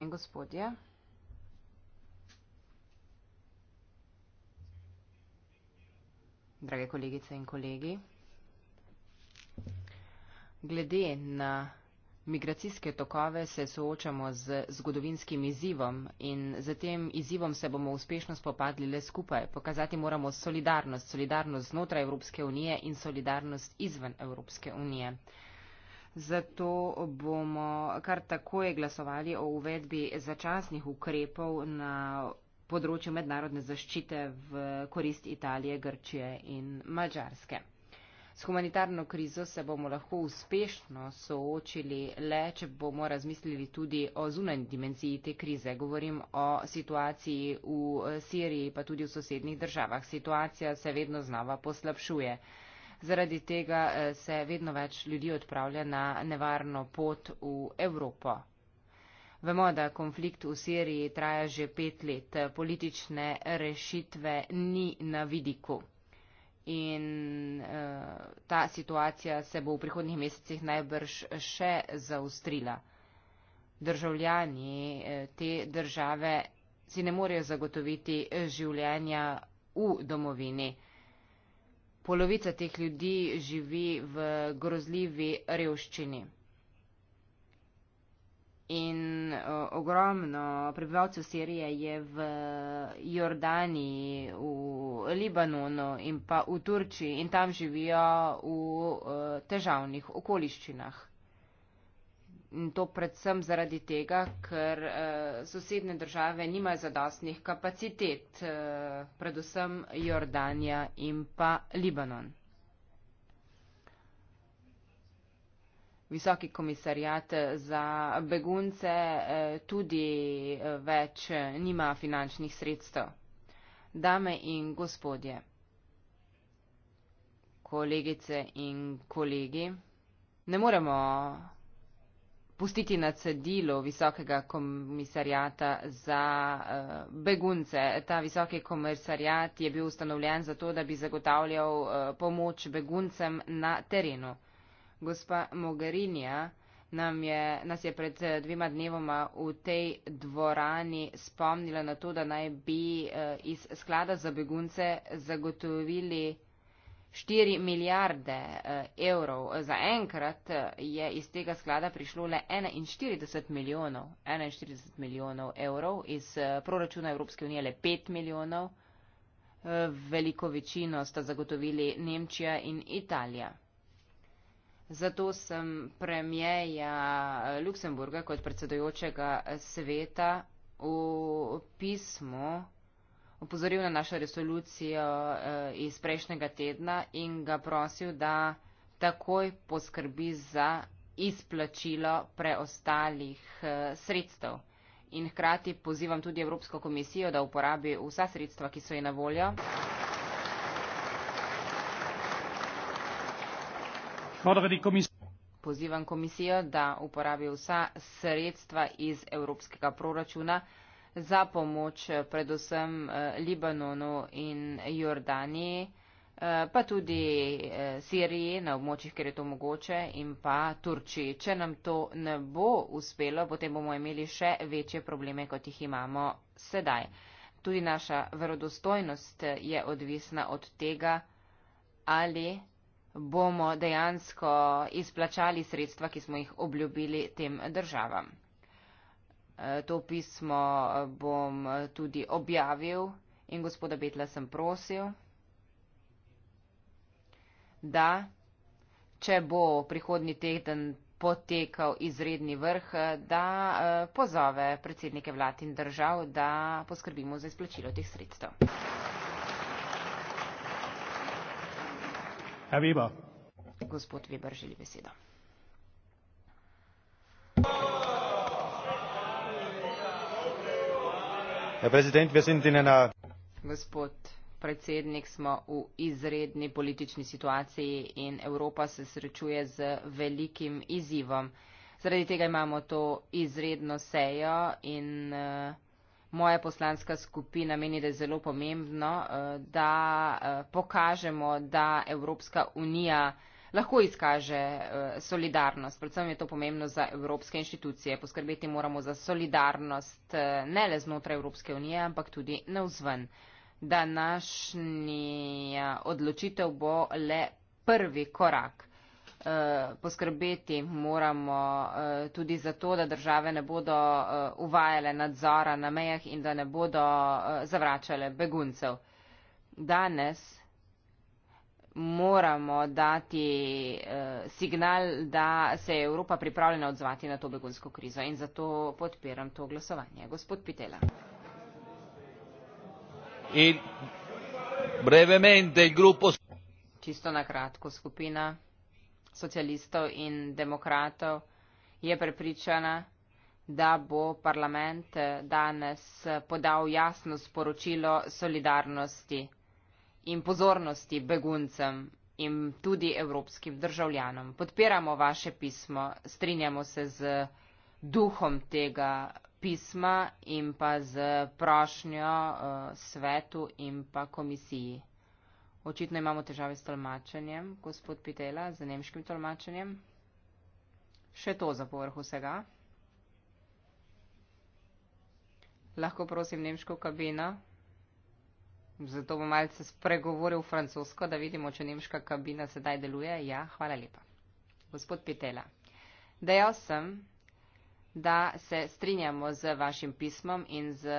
in gospodje. Drage kolegice in kolegi, glede na migracijske tokove se soočamo z zgodovinskim izzivom in z tem izzivom se bomo uspešno spopadli le skupaj. Pokazati moramo solidarnost, solidarnost znotraj Evropske unije in solidarnost izven Evropske unije. Zato bomo kar takoj glasovali o uvedbi začasnih ukrepov na področju mednarodne zaščite v korist Italije, Grčije in Mačarske. S humanitarno krizo se bomo lahko uspešno soočili le, če bomo razmislili tudi o zunanji dimenziji te krize. Govorim o situaciji v Siriji, pa tudi v sosednjih državah. Situacija se vedno znova poslabšuje. Zaradi tega eh, se vedno več ljudi odpravlja na nevarno pot v Evropo. Vemo, da konflikt v Siriji traja že pet let, politične rešitve ni na vidiku. In e, ta situacija se bo v prihodnjih mesecih najbrž še zaustrila. Državljani eh, te države si ne morejo zagotoviti življenja v domovini polovica teh ljudi živi v grozljivi revščini. In ogromno prebivalcev Sirije je v Jordaniji, v Libanonu in pa v Turčiji in tam živijo v težavnih okoliščinah in to predvsem zaradi tega, ker uh, eh, sosedne države nimajo zadostnih kapacitet, uh, predvsem Jordanija in pa Libanon. Visoki komisarjat eh, za begunce uh, tudi uh, več uh, nima finančnih sredstev. Dame in gospodje, kolegice in kolegi, ne moremo pustiti na cedilu visokega komisarjata za uh, begunce. Ta visoki komisarjat je bil ustanovljen zato, da bi zagotavljal uh, pomoč beguncem na terenu. Gospa Mogarinja je, nas je pred eh, dvima dnevoma v tej dvorani spomnila na to, da naj bi uh, iz sklada za begunce zagotovili 4 milijarde eh, evrov. Zaenkrat eh, je iz tega sklada prišlo le 41 milijonov, 41 milijonov evrov, iz eh, proračuna Evropske unije le 5 milijonov. Veliko večino sta zagotovili Nemčija in Italija. Zato sem premjeja Luksemburga kot predsedojočega sveta v pismu opozoril na našo resolucijo eh, iz prejšnjega tedna in ga prosil, da takoj poskrbi za izplačilo preostalih eh, sredstev. In hkrati pozivam tudi Evropsko komisijo, da uporabi vsa sredstva, ki so ji na voljo. Pozivam komisijo, da uporabi vsa sredstva iz evropskega proračuna za pomoč predvsem eh, Libanonu in Jordaniji, eh, pa tudi eh, Siriji na območjih, kjer je to mogoče, in pa Turčiji. Če nam to ne bo uspelo, potem bomo imeli še večje probleme, kot jih imamo sedaj. Tudi naša verodostojnost je odvisna od tega, ali bomo dejansko izplačali sredstva, ki smo jih obljubili tem državam. To pismo eh, bom eh, tudi objavil in gospoda Betla sem prosil, da če bo prihodni teden potekal izredni vrh, eh, da pozove predsednike vlad in držav, da poskrbimo za izplačilo teh sredstev. Gospod Weber želi besedo. Thank you. gospod predsednik, smo v izredni politični situaciji in Evropa se srečuje z velikim izzivom. Zaradi tega imamo to izredno sejo in eh, moja poslanska skupina meni, da je zelo pomembno, eh, da eh, pokažemo, da Evropska unija lahko izkaže eh, solidarnost. Predvsem je to pomembno za evropske inštitucije. Poskrbeti moramo za solidarnost eh, ne le znotraj Evropske unije, ampak tudi na vzven. Današnja eh, odločitev bo le prvi korak. Poskrbeti moramo tudi za to, da države ne bodo uvajale nadzora na mejah in da ne bodo zavračale beguncev. Danes moramo dati eh, signal, da se je Evropa pripravljena odzvati na to begunsko krizo in zato podpiram to glasovanje. Gospod Pitela. In brevemente il gruppo. Čisto na kratko, skupina socialistov in demokratov je prepričana, da bo parlament eh, danes eh, podal jasno sporočilo solidarnosti in pozornosti beguncem in tudi evropskim državljanom. Podpiramo vaše pismo, strinjamo se z duhom tega pisma in pa z prošnjo uh, svetu in pa komisiji. Očitno imamo težave s tolmačenjem, gospod Pitela, z nemškim tolmačenjem. Še to za povrh vsega. Lahko prosim nemško kabino. Zato bom malce spregovoril francosko, da vidimo, če nemška kabina sedaj deluje. Ja, hvala lepa. Gospod Pitela, dejal sem, da se strinjamo z vašim pismom in z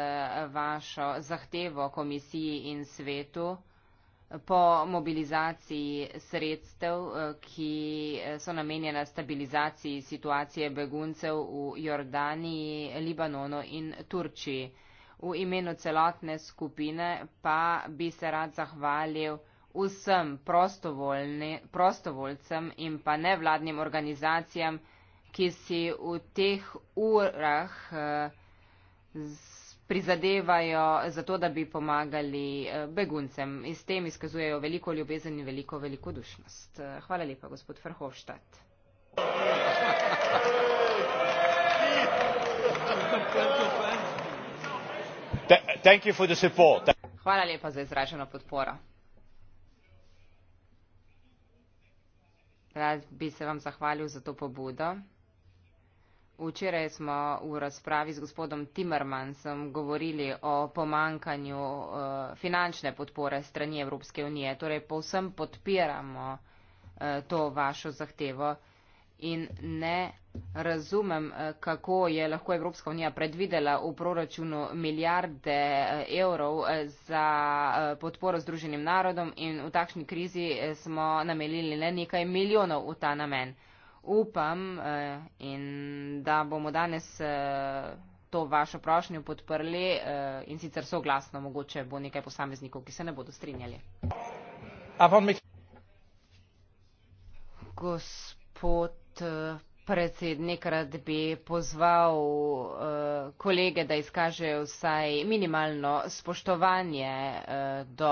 vašo zahtevo komisiji in svetu po mobilizaciji sredstev, eh, ki so namenjena stabilizaciji situacije beguncev v Jordaniji, Libanonu in Turčiji v imenu celotne skupine pa bi se rad zahvalil vsem prostovoljcem in pa nevladnim organizacijam, ki si v teh urah eh, prizadevajo za to, da bi pomagali eh, beguncem. Iz tem izkazujejo veliko ljubezen in veliko velikodušnost. Eh, hvala lepa, gospod Frhovštad. Hvala lepa hvala lepa za izraženo podporo rad bi se vam zahvalil za to pobudo včeraj smo v razpravi z gospodom timmermansom govorili o pomankanju eh, finančne podpore strani evropske unije torej povsem podpiramo eh, to vašo zahtevo in ne razumem, eh, kako je lahko Evropska unija predvidela v proračunu milijarde eh, evrov eh, za podporo Združenim narodom in v takšni krizi smo namelili le nekaj milijonov v ta namen. Upam in da bomo danes to vašo prošnjo podprli in sicer soglasno, mogoče bo nekaj posameznikov, ki se ne bodo strinjali. Gospod Eh, predsednik rad bi pozval uh, kolege, da izkažejo vsaj minimalno spoštovanje uh, do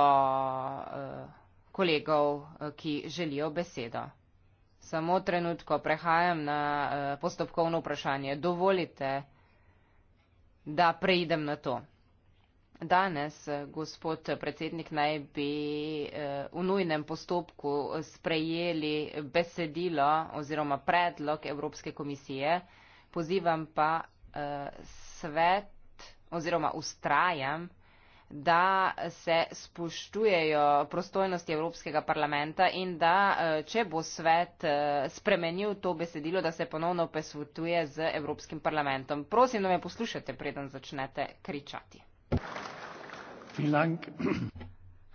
uh, kolegov, uh, ki želijo besedo. Samo trenutko prehajam na uh, postopkovno vprašanje. Dovolite, da preidem na to danes, eh, gospod predsednik, naj bi eh, v nujnem postopku sprejeli besedilo oziroma predlog Evropske komisije. Pozivam pa eh, svet oziroma ustrajam, da se spoštujejo prostojnosti Evropskega parlamenta in da, če bo svet spremenil to besedilo, da se ponovno posvetuje z Evropskim parlamentom. Prosim, da me poslušate, preden začnete kričati.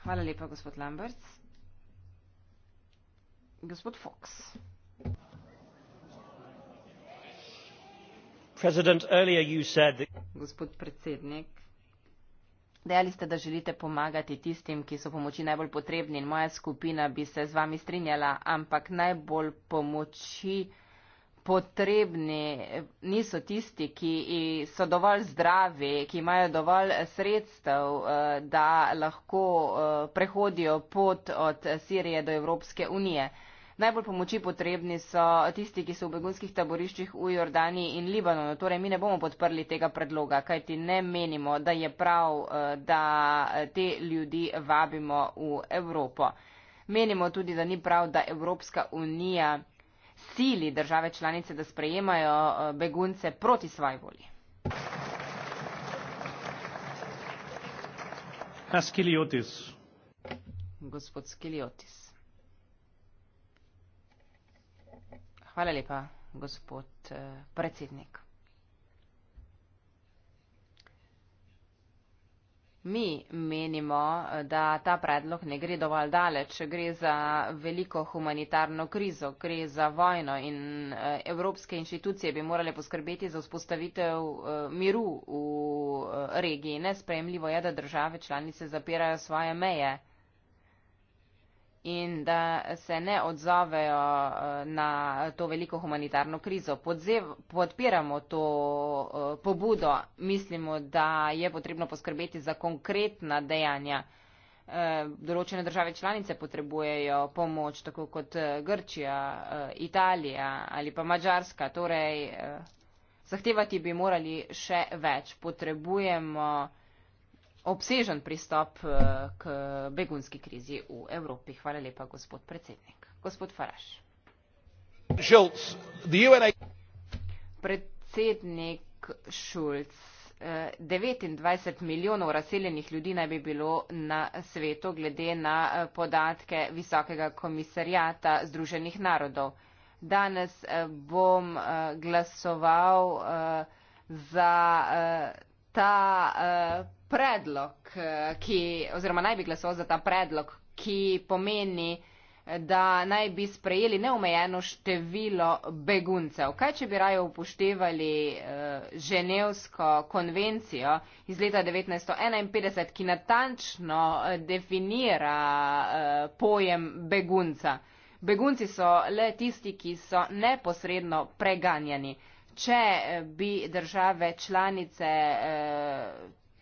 Hvala lepa, gospod Lamberts. Gospod Fox. Gospod predsednik, dejali ste, da želite pomagati tistim, ki so pomoči najbolj potrebni in moja skupina bi se z vami strinjala, ampak najbolj pomoči potrebni, niso tisti, ki so dovolj zdravi, ki imajo dovolj sredstev, eh, da lahko eh, prehodijo pot od Sirije do Evropske unije. Najbolj pomoči potrebni so tisti, ki so v begunskih taboriščih v Jordaniji in Libanonu. Torej, mi ne bomo podprli tega predloga, kajti ne menimo, da je prav, eh, da te ljudi vabimo v Evropo. Menimo tudi, da ni prav, da Evropska unija sili države članice, da sprejemajo eh, begunce proti svoji volji. Skiliotis. Gospod Skiliotis. Hvala lepa, gospod eh, predsednik. Mi menimo, da ta predlog ne gre dovolj daleč, gre za veliko humanitarno krizo, gre za vojno in eh, evropske inštitucije bi morale poskrbeti za vzpostavitev eh, miru v eh, regiji. Nespremljivo je, da države članice zapirajo svoje meje in da se ne odzovejo eh, na to veliko humanitarno krizo. Podzev, podpiramo to eh, pobudo, mislimo, da je potrebno poskrbeti za konkretna dejanja. Eh, določene države članice potrebujejo pomoč, tako kot Grčija, Italija ali pa Mačarska. Torej, zahtevati bi morali še več. Potrebujemo obsežen pristop eh, k begunski krizi v Evropi. Hvala lepa, gospod predsednik. Gospod Faraš. Predsednik Šulc. 29 eh, milijonov razseljenih ljudi naj bi bilo na svetu, glede na eh, podatke Visokega komisarjata Združenih narodov. Danes bom glasoval za ta predlog, eh, ki, oziroma naj bi glasoval za ta predlog, ki pomeni, eh, da naj bi sprejeli neomejeno število beguncev. Kaj, če bi raje upoštevali uh, Ženevsko konvencijo iz leta 1951, ki natančno definira uh, pojem begunca? Begunci so le tisti, ki so neposredno preganjani. Če bi države članice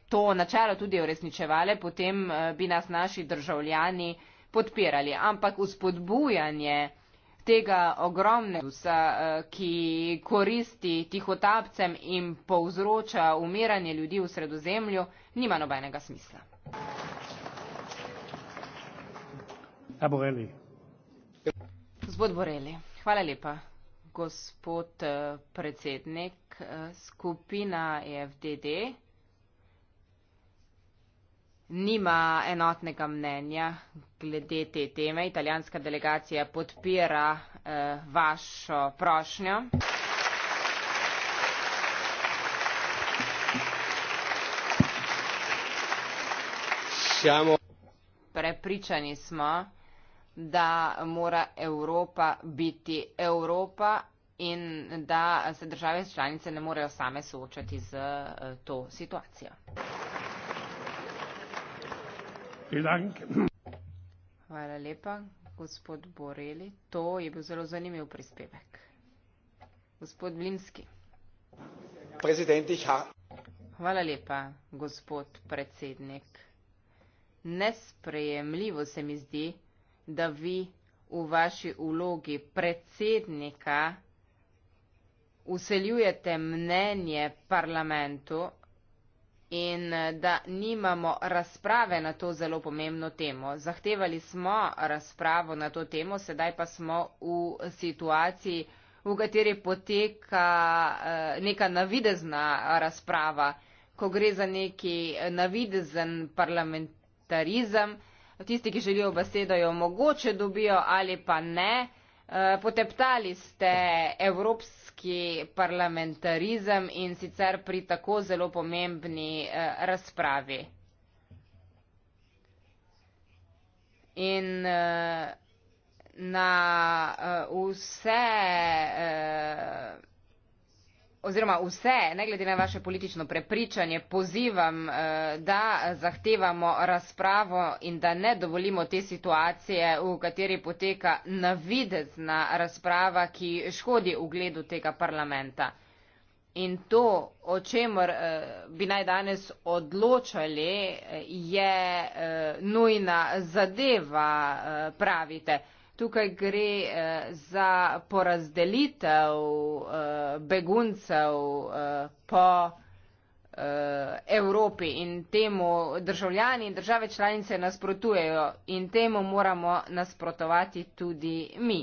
to načelo tudi uresničevale, potem eh, bi nas naši državljani podpirali. Ampak uspodbujanje tega ogromnega, eh, ki koristi tihotapcem in povzroča umiranje ljudi v sredozemlju, nima nobenega smisla. Gospod Boreli, hvala lepa. Gospod eh, predsednik, skupina EFDD nima enotnega mnenja glede te teme. Italijanska delegacija podpira eh, vašo prošnjo. Prepričani smo, da mora Evropa biti Evropa in da se države članice ne morejo same soočati z eh, to situacijo. Hvala lepa, gospod Boreli. To je bil zelo zanimiv prispevek. Gospod Blinski. Hvala lepa, gospod predsednik. Nesprejemljivo se mi zdi, da vi v vaši ulogi predsednika useljujete mnenje parlamentu in eh, da nimamo razprave na to zelo pomembno temo. Zahtevali smo razpravo na to temo, sedaj pa smo v situaciji, v kateri poteka eh, neka navidezna razprava, ko gre za neki navidezen parlamentarizem. Tisti, ki želijo besedo, jo mogoče dobijo ali pa ne. Eh, poteptali ste evropski parlamentarizem in sicer pri tako zelo pomembni eh, razpravi. In eh, na vse oziroma vse, ne glede na vaše politično prepričanje, pozivam, eh, da zahtevamo razpravo in da ne dovolimo te situacije, v kateri poteka navidezna razprava, ki škodi ugledu tega parlamenta. In to, o čemer eh, bi naj danes odločali, eh, je nujna zadeva, pravite tukaj gre eh, za porazdelitev eh, beguncev eh, po eh, Evropi in temu državljani in države članice nasprotujejo in temu moramo nasprotovati tudi mi.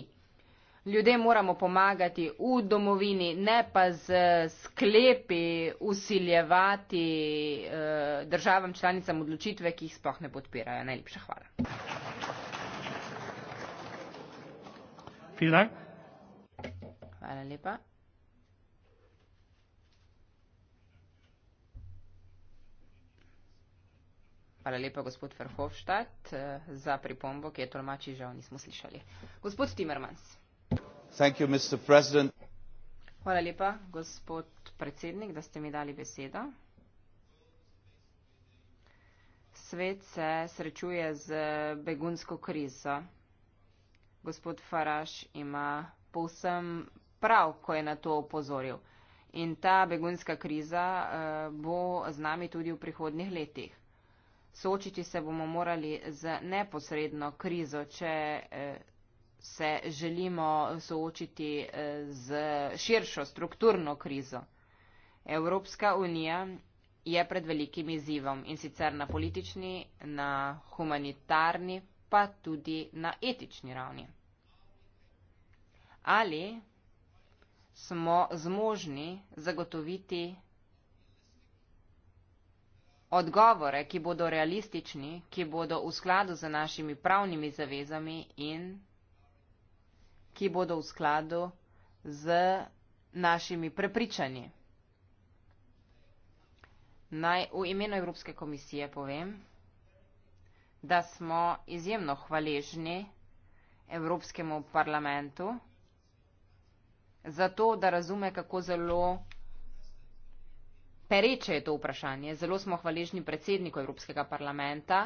Ljudje moramo pomagati v domovini, ne pa z sklepi usiljevati eh, državam članicam odločitve, ki jih sploh ne podpirajo. Najlepša hvala. Vielen Dank. Hvala lepa. Hvala lepa, gospod Verhofstadt, eh, za pripombo, ki je tolmači žal nismo slišali. Gospod Timmermans. Thank you, Mr. President. Hvala lepa, gospod predsednik, da ste mi dali besedo. Svet se srečuje z begunsko krizo gospod Faraš ima povsem prav, ko je na to opozoril. In ta begunska kriza eh, bo z nami tudi v prihodnih letih. Soočiti se bomo morali z neposredno krizo, če eh, se želimo soočiti eh, z širšo strukturno krizo. Evropska unija je pred velikim izzivom in sicer na politični, na humanitarni, pa tudi na etični ravni. Ali smo zmožni zagotoviti odgovore, ki bodo realistični, ki bodo v skladu z našimi pravnimi zavezami in ki bodo v skladu z našimi prepričanji. Naj v imenu Evropske komisije povem, da smo izjemno hvaležni Evropskemu parlamentu za to, da razume, kako zelo pereče je to vprašanje. Zelo smo hvaležni predsedniku Evropskega parlamenta,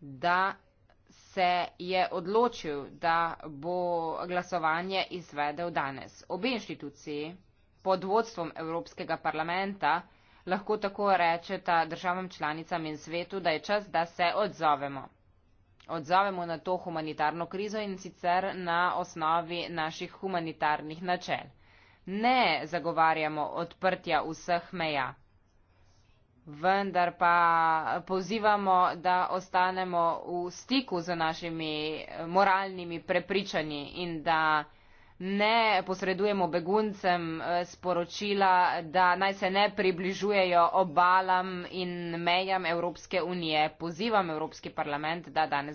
da se je odločil, da bo glasovanje izvedel danes. Obe inštituciji pod vodstvom Evropskega parlamenta lahko tako rečeta državam članicam in svetu, da je čas, da se odzovemo. Odzovemo na to humanitarno krizo in sicer na osnovi naših humanitarnih načel. Ne zagovarjamo odprtja vseh meja, vendar pa pozivamo, da ostanemo v stiku z našimi moralnimi prepričanji in da ne posredujemo beguncem eh, sporočila, da naj se ne približujejo obalam in mejam Evropske unije. Pozivam Evropski parlament, da danes.